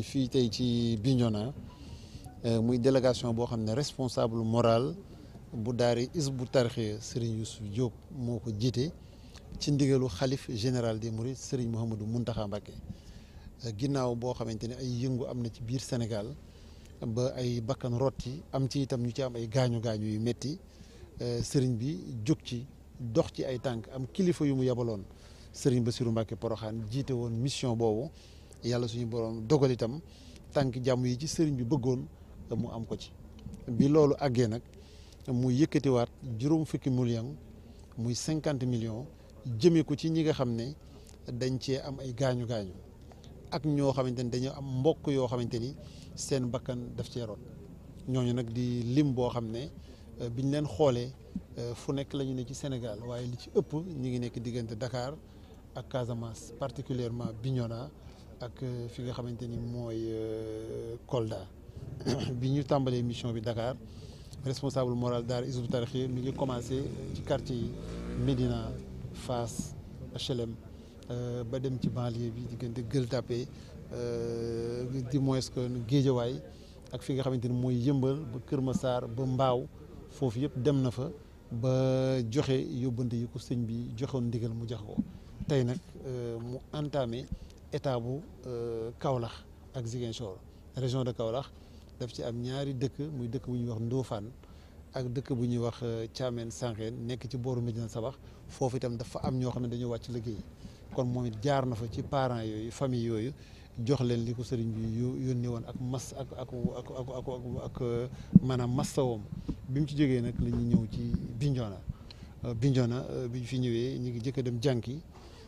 fii tey ci Bignona euh, muy délégation boo xam ne responsable moral bu daari Hizbut Tarqiyyah Serigne Youssouf Diop moo ko jiite ci ndigalu xalif général des Mourides Serigne Mouhamadou Mountakha Mbacké euh, ginnaaw boo xamante ne ay yëngu am na ci biir Sénégal ba ay bakkan rotti am ci itam ñu ci am ay gaañu gaañu yu metti euh, Serigne bi jóg ci dox ci ay tànk am kilifa yu mu yebaloon yabaloon Serigne Bassirou Mbacké Porokhane jiite woon mission boobu. yalla suñu borom dogal itam tanki jamu yi ci serigne bi bëggoon mu am ko ci bi lolu agge nak mu iye juróom fukki million muy 50 million jëmee ko ci ñi nga xamne dañ ci am ay gañu gañu ak ño xamanteni dañu am mbokk yo xamanteni seen bakkan daf ci rot ñoñu nak di lim bo xamne euh, biñ leen xolé euh, fu nek la ne ci senegal waye li ci ëpp ñi ngi nek digënté Dakar ak Casamance particulièrement biñona ak euh, fi nga xamanteni moy euh, Kolda biñu tambalé mission bi Dakar responsable moral dar Hizbut Tarqiyyah mi ngi commencé euh, ci quartier Medina face Fass HLM ba dem ci banlieue bi geul tapé euh di moins que Guédiawaye ak fi nga xamanteni moy mooy Yëmbal ba Kër Massar ba Mbaaw fofu yëpp dem na fa ba joxé yóbbante yu ko sëñ bi joxone ndigal mu jax ko nak euh mu entamer état bu euh, Kaolack ak Ziguinchor région de Kaolack daf ci am ñaari dëkk muy dëkk bu ñuy wax Ndofane ak dëkk bu ñuy wax euh, Thiamène Sankhène nekk ci booru médian Sabax foofu itam dafa am ñoo xam ne dañoo wàcc liggéey kon moom it jaar na fa ci parent yooyu famille yooyu jox leen li ko sëriñ bi yónnee woon ak mas ak ak ak ak ak euh, maanaam masawoom bi mu ci jógee nag la ñuy ñëw ci Bignona Bignona bi ñu fi ñëwee ñu ngi jëkk a dem jànki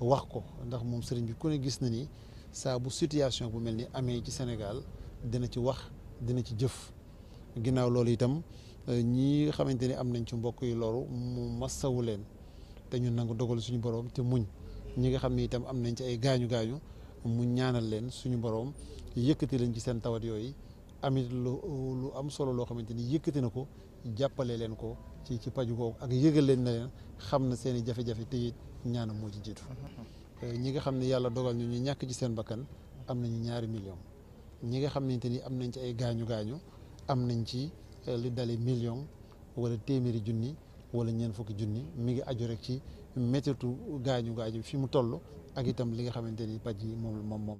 wax ko ndax moom sëriñ bi ku ne gis na ni saa bu situation bu mel ni amee ci Sénégal dina ci wax dina ci jëf ginnaaw loolu itam euh, ñi xamante ni am nañ ci mbokk yi loru mu massawu leen te ñu nangu dogal suñu borom te muñ ñi nga xam ne itam am nañ ci ay gaañu gaañu mu ñaanal leen suñu borom yëkkati leen ci seen tawat yooyu amit lu lu am solo loo xamante ni yëkkati na ko jàppale leen ko ci ci paju googu ak yëgal leen xam na seen i jafe-jafe te it ñaanam moo ci jiitu euh, ñi xam ne yàlla dogal ñu ñu ñàkk ci seen bakkan am nañu ñaari million ñi nga xam ne te ni am nañ ci ay gaañu gaañu am nañ ci euh, li dale million wala téeméeri junni wala ñeent fukki junni mi ngi aju rek ci méttitu gaañu gaañu fi mu toll ak itam li nga xamante ni paj yi moom moom moom